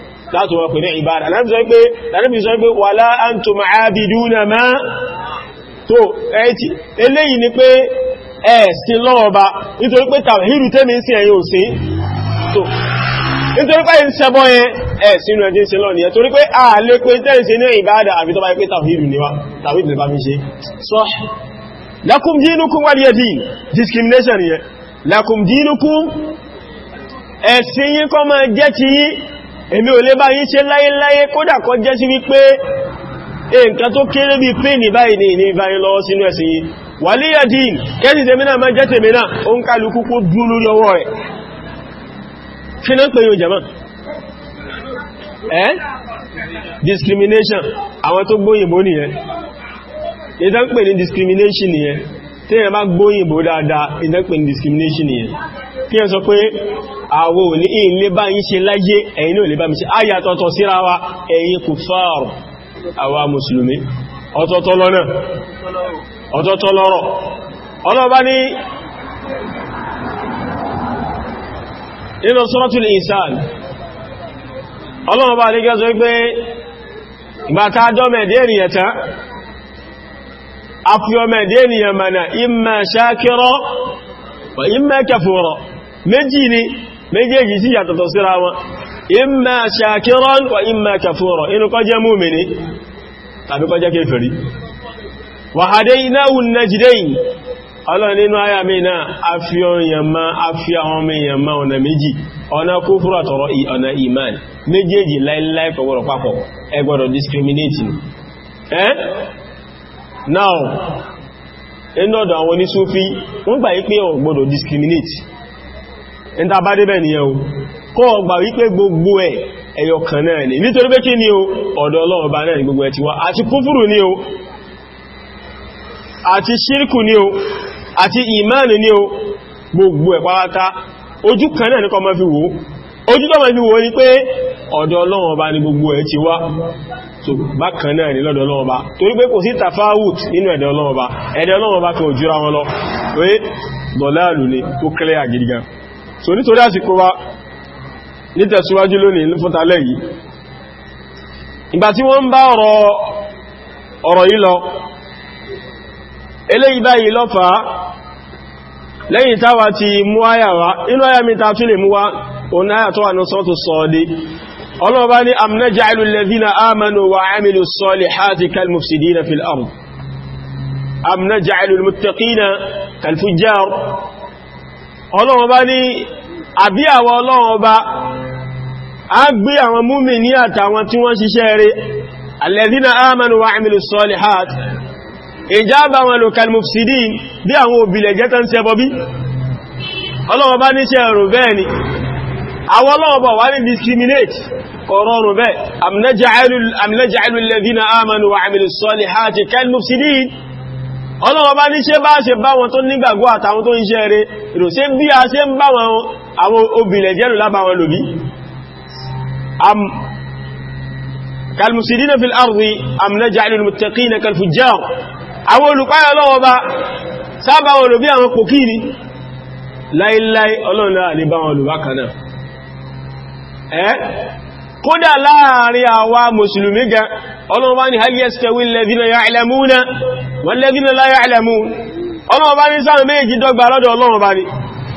Speaker 1: láti wọ́n pè ní ìbádà lánàbí sọ pé wala antum aabiduna ma tó ẹ̀ẹ́tì eléyìí ni pé ẹ̀ẹ̀sìn lọ́ọ̀ba nítorí pé tàwíìrù tẹ́mi sí ẹ̀yìn òsìn tó nítorí pé ìṣẹ́bọ́ yẹn ẹ̀ẹ̀sìn rẹ̀ jíǹsìn lọ nìyẹn torí pé a lè pé tẹ́ẹ̀sìn ní ìbádà àbí tọ́bá pé tàwíìrù níwá tàwíìrù lè bá mi ṣe sọ́ lakum dinukum waliya din discrimination yẹn lakum dinukum ẹ̀sìn yín kọ́ máa jẹ́ ti yín èmi ò lè bá yín ṣe láyéláyé kódà kọ jẹ́ sí wípé nǹkan tó kéré bí pé ní báyìí ní ìní ìbáyìí lọ sínú ẹ̀sìn yìí wà líyà dín kẹ́sì tèmínà máa jẹ́ tèmínà ó ń kálukú kó dún lórí ọwọ́ rẹ̀ kí náà pè yóò ẹ́ discrimination àwọn tó gbóyìnbó nìyẹn tí ẹ bá gbóyìnbó dáadáa ìdẹ́pẹ̀ discrimination yẹn kí ẹ sọ pé àwọ ò ní ilé bá ń ṣe láyé ẹ̀yin náà lè bá mi ṣe ayà síra wa ẹ̀yin kò fàárù àwa mùsùlùmí ọ̀tọ̀ọ̀tọ̀ lọ́rọ̀ ọlọ́bá ní nínú suratul insan ọlọ́run bá lè wípé afiyọmẹ̀dé ènìyàn mana imma ṣákírọ́ wa imma kẹfùrọ̀ méjì ni méjèèjì sí yàtọ̀tọ̀ síra wọn imma ṣákírọ́ wa imma kẹfùrọ̀ inú kó jẹ́ múmini tàbí kó jẹ́ kéfèrí wa hadaynahu najdayn ọlọ́rin nínú ayà mìíná afiyọmẹ̀má afiyọmẹ̀má ọ̀nà méjì ọ̀nà kúfúrà tọ̀rọ ọ̀nà iman méjèèjì láìláì kọ̀wọ̀rọ̀ papọ̀ ẹgbọ́dọ̀ discriminating eh now inú ọ̀dọ̀ àwọn onísúfí wọ́n gbà wípé o gbọ́dọ̀ discriminate ní ta bá débẹ̀ nìyẹn o kọ́ ọgbà wípé gbogbo ẹ̀ ẹyọ kan náà ni nítorí pé kí ni o ọ̀dọ̀ Ọlọ́run Ọba náà ni gbogbo ẹ̀ ti wá àti kúfùrù ni o àti ṣírkù ni o àti ìmáàni ni o gbogbo ẹ̀ pàwátá ojú kan náà ní kọ́ mọ́ fi wò ojú tó máa fi wò ní pé ọ̀dọ̀ ọlọ́run ọba ni gbogbo ẹ̀ ti wá so bákan náà ni lọ́dọ̀ ọlọ́run torí pé kò sí tafawut nínú ẹ̀dẹ̀ ọlọ́run ẹ̀dẹ̀ wọn lọ pé dọ̀láàlù ni ó kẹ́lẹ́ so si lónìí lẹ́yìn ti mú inú ta tún lè òun ayà tó wà ní sọ́tù sọ́ọ́dé ọlọ́ọ̀bá ní amnájàílù lẹ́fínà ámànù wa àmìlù sọ́lì hàtí kalmufsidina fil ard amnájàílù muttaqina kalfujjar ọlọ́ọ̀bá ní àbí àwọn ọlọ́ọ̀bá a gbé àwọn múmi ní àtàwọn tí wọ́n ṣiṣẹ́ rẹ̀ alẹ́fínà ámànù wa àmìlù sọ́lì hàtí ìjábà wọn lò kalmufsidin bí àwọn òbílẹ̀ jẹ́tàn sẹ́bọ̀bí ọlọ́ọ̀bá ní ṣe ẹ̀rù bẹ́ẹ̀ ni àwọn ọlọ́ọ̀bọ̀ wà ní discriminate kọ̀rọ̀rùn bẹ́ amnaja'alu alladhina amanu wa amilus salihati kal mufsidin ọlọ́wọ́ bá ní ṣe bá ṣe bá wọn tó nígbàgbọ́ àtàwọn tó ń ṣe eré ìrọ̀sẹ́ bí a ṣe ń bá wọn àwọn obìnrin jẹ́rù lábá wọn lòbí kal mufsidina fil ardi am naj'alul Eh? kódà láàrin àwa musulmi gan ọlọ́run bá ní hal yastawi alladhina na walladhina la ya'lamun ọlọ́run bá ní sáà méjì dọ́gba lọ́dọ̀ ọlọ́run bá ní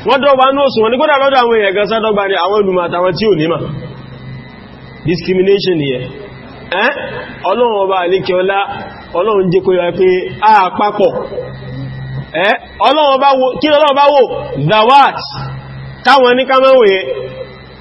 Speaker 1: wọ́n dọ́gba ní òsùn wọn ni kódà lọ́dọ̀ àwọn èèyàn gan dọ́gba ní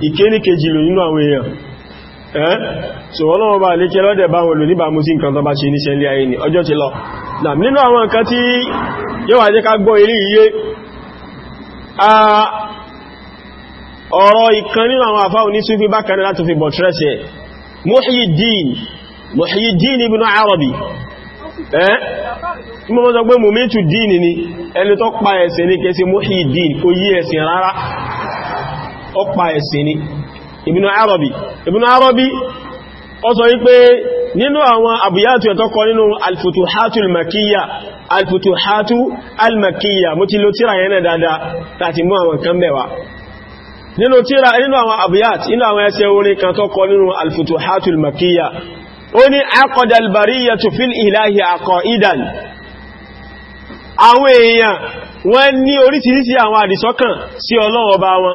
Speaker 1: ìkéní kejì lò nínú àwọn èèyàn ẹ́ eh? so ọlọ́wọ́ bá lè kí ẹlọ́dẹ̀ bá wọn níbà mú sí nǹkan tó bá ṣe níṣẹ́ ilé ayé ni ọjọ́ ti lọ nínú àwọn nǹkan tí yóò wà jẹ́ ká gbọ́ ilé iye ọ̀rọ̀ ìkan nínú àwọn àfáà ní súnfí ọpa ẹ̀sìn ni Ibnu Arabi Ibnu Arabi ó sọ wípé nínú àwọn àbúyàtù ẹ̀tọ́ kọ nínú alfutuhatu almakiya alfutuhatu almakiya mo ti lo tíra yẹn náà dáadáa láti mú àwọn kan bẹ̀wà nínú tíra nínú àwọn àbúyàt nínú àwọn ẹsẹ̀ orin kan tó nínú alfutuhatu ó ní aqada albariyatu fil ilahi aqaidan àwọn èèyàn wọ́n ní oríṣiríṣi àwọn àdìsọ́kàn sí Ọlọ́run ọba wọn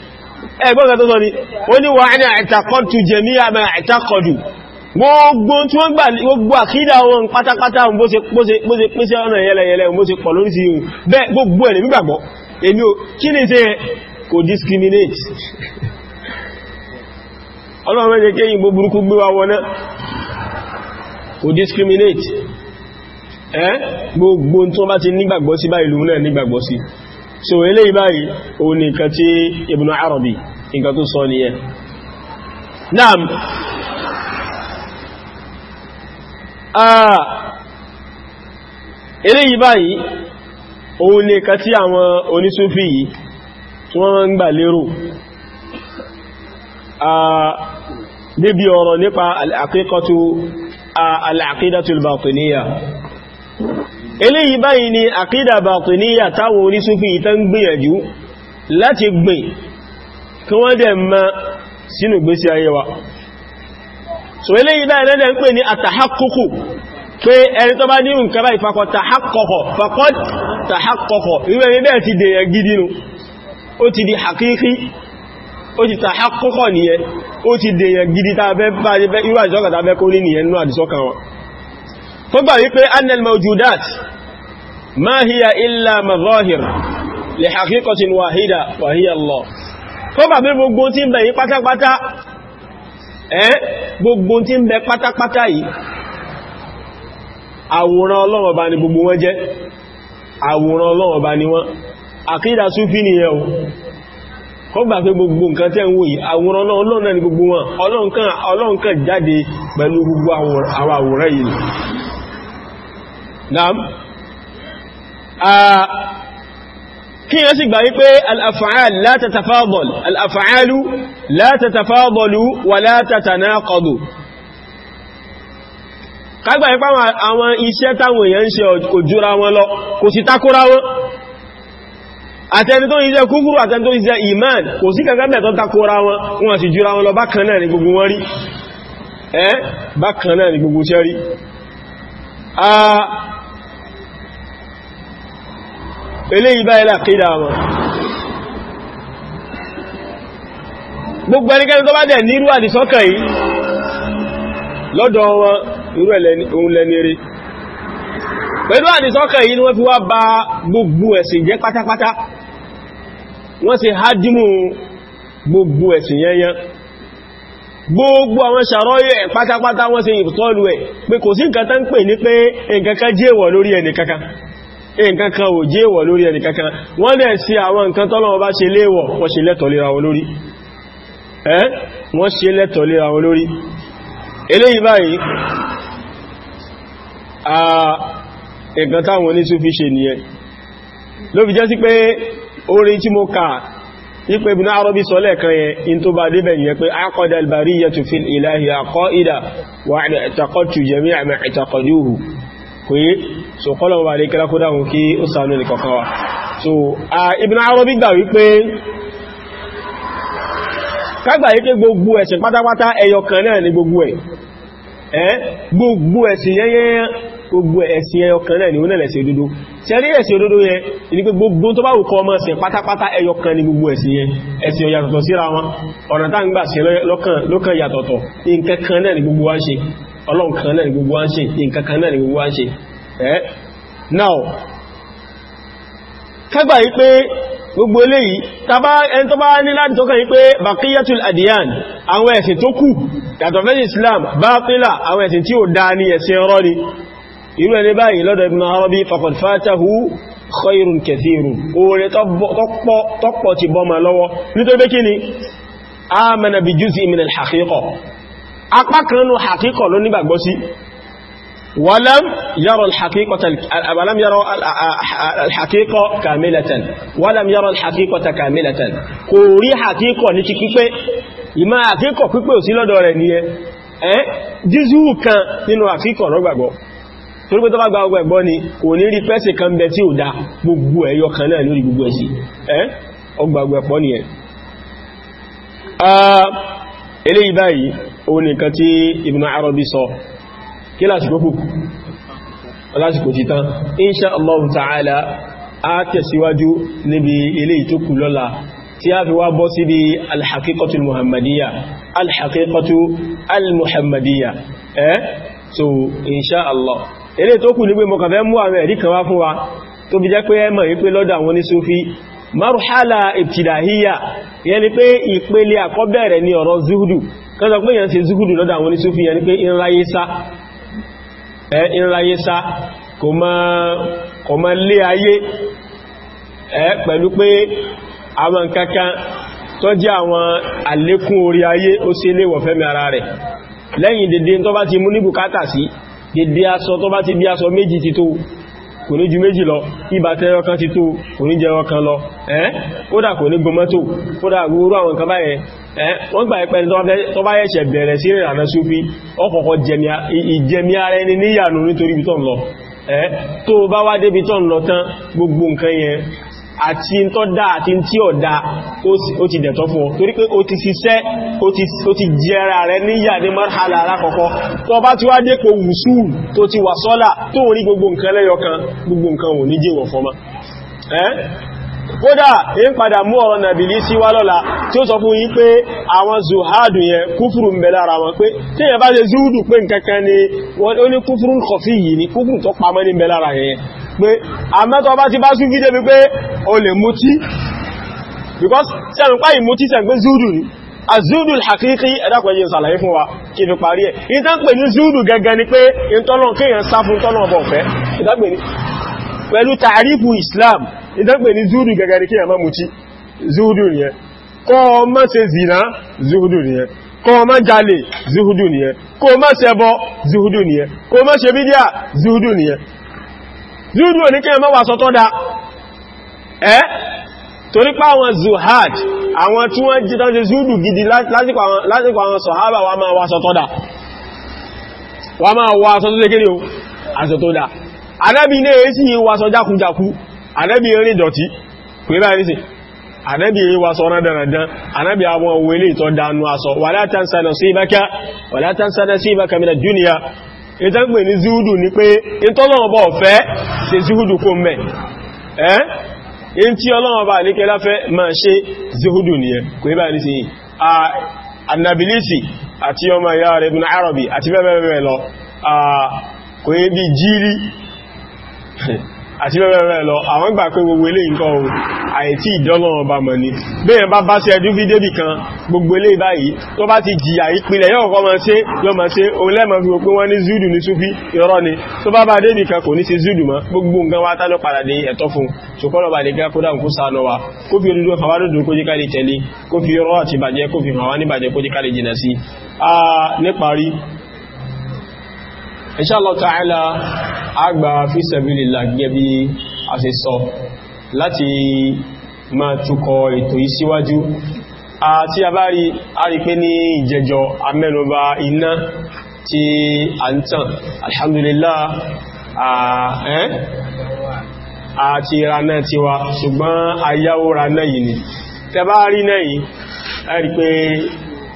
Speaker 1: ẹgbọ́n tó sọ ni ó ní wà ní àìtàkọ́tù jẹ̀mí àmà àìtàkọ́dù gbogbo tí wọ́n gbà gbogbo àkídà wọn pátápátá bó ṣe pín sí ọ̀nà yẹlẹyẹlẹ bó ṣe pọ̀ lórí sí ihun bẹ́ẹ̀ gbogbo ẹ̀lẹ̀ gbígbàgbọ́ èmi ò kí ní ṣe kò discriminate ọlọ́run ẹ̀jẹ̀ kéyìn gbogbo burúkú gbé wa wọná kò discriminate ẹ́ gbogbo tí wọ́n bá ti nígbàgbọ́ sí bá ìlú náà nígbàgbọ́ sí so eléyìí báyìí òun ni nǹkan tí Ibn Arabi nǹkan tó sọ nìyẹn naam eléyìí báyìí òun ni nǹkan tí àwọn onísúfí yìí tí wọ́n ń gbà lérò níbi ọ̀rọ̀ nípa al-aqiqatu al eléyìí báyìí ni àkídà bàtíníyà táwọn onísúfí ìtàn gbìyànjú láti gbìn kí wọ́n dẹ̀ ma sínú gbésí ayé wa so eléyìí báyìí lẹ́dẹ̀ ń pè ní àtàhákùkù pé ẹni tó bá ní nǹkan báyìí fakọ̀ tàhákọ̀kọ̀ fakọ̀ tàhákọ̀kọ̀ ìwé ni bẹ́ẹ̀ ti dèyàn gidi nu ó ti di hakiki ó ti tàhákọ̀kọ̀ nìyẹn ó ti dèyàn gidi tàbẹ́ bá irú àdìsọ́kà tàbẹ́ kó ní nìyẹn nú àdìsọ́kà wọn tó gbà wípé annal mawjudat ma hiya illa mazahir li haqiqatin wahida wa hiya Allah tó gbà bí gbogbo tí ń bẹ yí pátápátá ẹ́ gbogbo tí ń bẹ pátápátá yìí àwòrán Ọlọ́run Ọba ni gbogbo wọn jẹ́ àwòrán Ọlọ́run Ọba ni wọ́n àkídà súfí nìyẹn o kọ́ gbà pé gbogbo nǹkan tẹ́ ń wò yìí àwòrán náà ni gbogbo wọn ọlọ́run jáde pẹ̀lú naam kí yẹn sì gbà wípé al'afa'al la tatafadol al'afa'alu la tatafadolu wa la tatanaqadu kagbà ipá àwọn iṣẹ́ táwọn èèyàn ń ṣe òjúra wọn lọ kò sí takora wọn àtẹni tó iṣẹ́ kúkúrú àtẹni tó iṣẹ́ iman kò sí kankan mẹ́tọ́ takora wọn wọn eléyìí báyìí láàkídà wọn gbogbo ẹnikẹ́ni tó bá dẹ̀ nírú àdìsọ́kàn yìí lọ́dọ̀ wọn irú ohun lẹ́ni rí pẹ̀lú àdìsọ́kàn yìí ni wọ́n fi wá bà gbogbo ẹ̀sìn jẹ́ pátápátá wọ́n sì hádìmù gbogbo ẹ̀sìn yẹnyẹn gbogbo àwọn ṣàrọ́yẹ̀ pátápátá wọ́n sì ìbùtọ́lù ẹ̀ pé kò sí nǹkan tán pè ní pé nǹkan kan jẹ́ wọ̀ lórí ẹnìkankan nǹkan kan ò jẹ́ wọ̀ lórí ẹni kankan wọ́n dẹ̀ sí àwọn nǹkan tọ́lọ́wọ́ bá ṣe léèwọ̀ wọ́n ṣe lẹ́tọ̀ lé àwọn lórí ẹ́ wọ́n ṣe lẹ́tọ̀ lé àwọn lórí eléyìí báyìí a nǹkan táwọn oníṣú fi ṣe nìyẹn ló fi jẹ́ sí pé orin tí mo kà wípé Ibn Arabi sọ lẹ́ẹ̀kan yẹn in tó bá débẹ̀ nìyẹn pé aqada al-bariyatu fil ilahi aqaida wa i'taqadtu jami'a ma i'taqaduhu kò so kọ́lọ̀ wà lè kẹ́lá kódà wọn kí ó sàánú ní kọ̀kan wa so a Ibn Arabi gbà wípé kágbà yí pé gbogbo ẹ̀sìn pátápátá ẹyọkan náà ní gbogbo ẹ̀ ẹ́ gbogbo ẹ̀sìn yẹ́yẹ́ gbogbo ẹ̀sìn ẹyọkan náà ni ó nẹ̀lẹ̀ sí òdodo tí a rí ẹ̀sìn òdodo yẹn ní pé gbogbo tó bá wùkọ ọmọ ẹ̀sìn pátápátá ẹyọkan ni gbogbo ẹ̀sìn yẹn ẹ̀sìn yàtọ̀tọ̀ síra wọn ọ̀nà tá ń gbà sí lọ́kàn ni gbogbo ọlọ́run kan náà ni gbogbo wá ń ṣe nǹkan kan náà ni gbogbo wá ń ṣe ẹ́ now kágbà yí pé gbogbo eléyìí tàbá ẹni tó bá ní láti tó kàn yí pé baqiyatul adiyan àwọn ẹ̀sìn tó kù yàtọ̀ fẹ́sì islam bátila àwọn ẹ̀sìn tí ó dá ní ẹ̀sìn ọ̀rọ̀ ni irú ẹni báyìí lọ́dọ̀ ibn arabi faqad fatahu khairun kathirun oore tọ́pọ̀ ti bọ́ apá kan nù ló nígbàgbọ́ sí walam yara alhakíkọ̀ kàmílẹ̀tẹ̀n walam yara alhakíkọ̀ ta kàmílẹ̀tẹ̀n kò rí hakíkọ̀ ní ti pípé ìmá hakíkọ̀ pípé ò sí lọ́dọ̀ rẹ̀ nìyẹn jízú kan nínú hakíkọ̀ lọ́gbàgbọ́ torí tó bá gba ọgbà ẹ̀gbọ́ ni kò ní rí pẹ́sì kan bẹ tí ò dá gbogbo ẹ̀yọ kan náà lórí gbogbo ẹ̀sì ẹ́ ọgbà ọgbà òun nìkan tí Ibn Arabi sọ kí lásìkò kù lásìkò títán insha Allah ta'ala a tẹ̀síwájú níbi ilé ìtókù lọ́la tí a fi wá bọ́ sí bí alhaqiqatu muhammadiyya alhaqiqatu almuhammadiyya eh so insha Allah ilé ìtókù ní pé mọ̀kànfẹ́ mú àwọn ẹ̀rí kan wá fún wa tó bí jẹ́ pé ẹmọ̀ wípé lọ́dọ̀ àwọn ní Sufi marhala ibtidahiyya yẹni pé ìpele àkọ́bẹ̀rẹ̀ ni ọ̀rọ̀ zuhudu lọ́dọ̀ pé yàn ṣe zúgùdù lọ́dọ̀ àwọn oníṣúfí yẹn ni pé ìnráyé sá kò mọ́ lé ayé pẹ̀lú pé àwọn kankan tó jẹ́ àwọn àlékún orí ayé ó sí ilé ìwọ̀fẹ́mẹ́ ara rẹ̀ lẹ́yìn dédé tó bá ti mú ní bùkátà sí dédé aṣọ tó bá ti bí aṣọ méjì ti tó kò ní ju méjì lọ ibà tẹ́rọ kan ti tó kò ní jẹrọ kan lọ ẹ́ kódà kò ní gomọ́tò kódà gbogbo àwọn nǹkan báyẹn ẹ́ wọ́n gbà ẹ̀pẹ́ tó bá yẹ̀ṣẹ̀ bẹ̀rẹ̀ sí ìrìnàna súfí ọkọ̀kọ̀ ìjẹmi ara ẹni níyànú àti tó dá àti tí ò dá ó ti dẹ̀tọ́ fún ọ torí pé ó ti ṣiṣẹ́ ó ti jẹra rẹ níyà ní marhala alákọ̀ọ́kọ́ tó bá ti wá dépò wùsùl tó ti wà sọ́lá tó rí gbogbo nǹkan lẹ́yọkan gbogbo nǹkan ò ní jẹ́wọ̀ fọ́mọ́ kódà èyí padà mú ọ̀rọ̀ nàbìlì sí wá lọ́la tí ó sọ fún yín pé àwọn zuhadu yẹn kúfùrù ń bẹ lára wọn pé tí èyàn bá ṣe zuhudu pé nǹkankan ni wọ́n ní kúfùrù ń kọ̀fí yìí ni kúfùrù tó pamọ́ ní bẹ lára yẹn pé àmẹ́tọ́ bá ti bá súnfí débi pé o lè mutí because sẹ́rùpá ìmutí sẹ́gbé zúdù ni a zúdù hakiki ẹ̀dàpẹ̀yẹ ìsàlàyé fún wa kí fi parí ẹ̀ ìtàn pè ní zúdù gẹ́gẹ́ ni pé ìtọ́lọ̀n kéèyàn sá fún tọ́lọ̀n ọbọ̀ ọ̀fẹ́ pẹ̀lú tàrífù Islam ìtàn pè ní zúdù gẹ́gẹ́ ni kéèyàn má mutí zúdù ni ẹ kọ́ má ṣe zìnà zúdù ni ẹ kó má jalè zuhudu nìyẹn kó má ṣẹbọ zuhudu nìyẹn kó má ṣe bídíà zuhudu nìyẹn zúdú ní kí ẹ mọ́wàá sọ tọ́ da ẹ́ torí pé àwọn zuhad àwọn tí wọ́n jí tán ṣe gidi lásìkò àwọn sọ̀hábà wà máa wà sọ tọ́ da wà máa wà sọ da Ànábì ilé sí wà sọ jákújákú Ànábì erin dọ̀tí pé bá ní sí Ànábì erin wà sọ rán dandan Ànábì àwọn òwe ilé ìtọ́ dánú aṣọ wà látànsánà sí ibákà wà látànsánà sí ibákà mìíràn dúnìyà ìtàgbè ní zúúdù ní pé ìtọ́lọ́wọ́bọ̀ ọ̀fẹ́ ṣe zúúdù kó mẹ́ ẹ́ in tí ọlọ́wọ́bà ní kẹlá fẹ́ ma ṣe zúúdù ní ẹ kò ibà ní sí annabilisi àti ọmọ ìyá rẹ̀ ibn Arabi àti bẹ́ẹ̀ bẹ́ẹ̀ lọ kò yí bí jírí àti bẹ́ẹ̀bẹ́ẹ̀ lọ àwọn gbà pé gbogbo ilé nǹkan ohun àìtí ìdọ́lọ́wọ́ bá mọ̀ ní bẹ́ẹ̀ bá bá ṣe ẹjú bí débì kan gbogbo ilé báyìí tó bá ti jìyà ìpìlẹ̀ yóò kọ́ ni tó bá bá débì kan kò ní ṣe zúdù mọ́ gbogbo nǹkan wá tánú padà dé ẹ̀tọ́ fún ṣùkọ́lọ̀ bá wa kó fi olúdó fàwádòdó kó jí ká lè tẹ̀lé kó fi irọ́ àti bàjẹ́ kó fi hàn wá Inshallah ta'ala àgbà fi sabilillah gẹ́gẹ́ bí a ṣe láti ma tukọ̀ ètò yìí síwájú àti àbárí àrípé ní ìjẹjọ amẹ́nubà iná tí a ń alhamdulillah àti ìranà ti wa ṣùgbọ́n ayáwó ranà yìí ni tẹbá rí náà yìí ẹ̀rí pé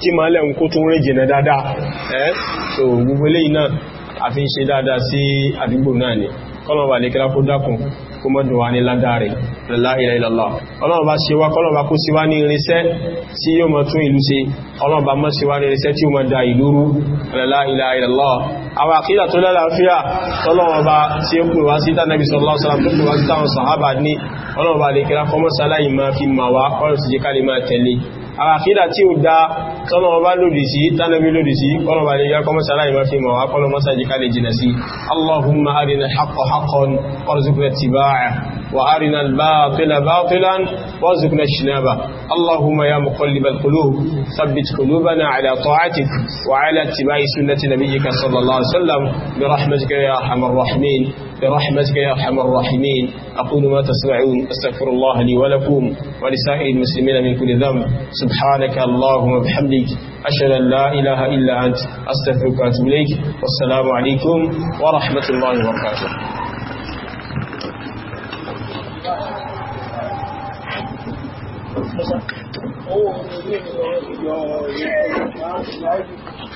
Speaker 1: tí ma lẹ́ kó tún rẹ̀ jìnà dáadáa ẹ́ so gbogbo eléyìí náà a fi ń ṣe dáadáa sí àdúgbò náà ni kọ́lọ̀wà lè kíra kó dákun kó la ilaha illallah ọlọ́ọ̀bá ṣe wá kọ́lọ̀wà kó síwá ní irinṣẹ́ tí yóò mọ̀ tún ìlú ṣe ọlọ́ọ̀bá mọ́ síwá ní la ilaha illallah àwọn àkídà tó lálàáfíà tọ́lọ́wọ́ba tí ó pè wá sí tánàbí sallallahu alaihi wasallam tó pè wá sí táwọn sàhábà ní ọlọ́ọ̀bá lè àwọn àkídà tí ó dá tọ́nà ọba lòdì sí tánàbí lòdì sí ọlọ́bà lè yá kọmọ́sá láì máa fi mọ̀wá kọlọ mọ́sá jì ká lè jìnà sí allahumma arina haqqo haqqon warzuqna ittiba'a wa arina al-batila برحمتك يا أرحم الراحمين أقول ما تسمعون أستغفر الله لي ولكم ولسائر المسلمين من كل ذنب سبحانك اللهم وبحمدك أشهد أن لا إله إلا أنت أستغفرك وأتوب إليك والسلام عليكم ورحمة الله وبركاته
Speaker 2: Oh,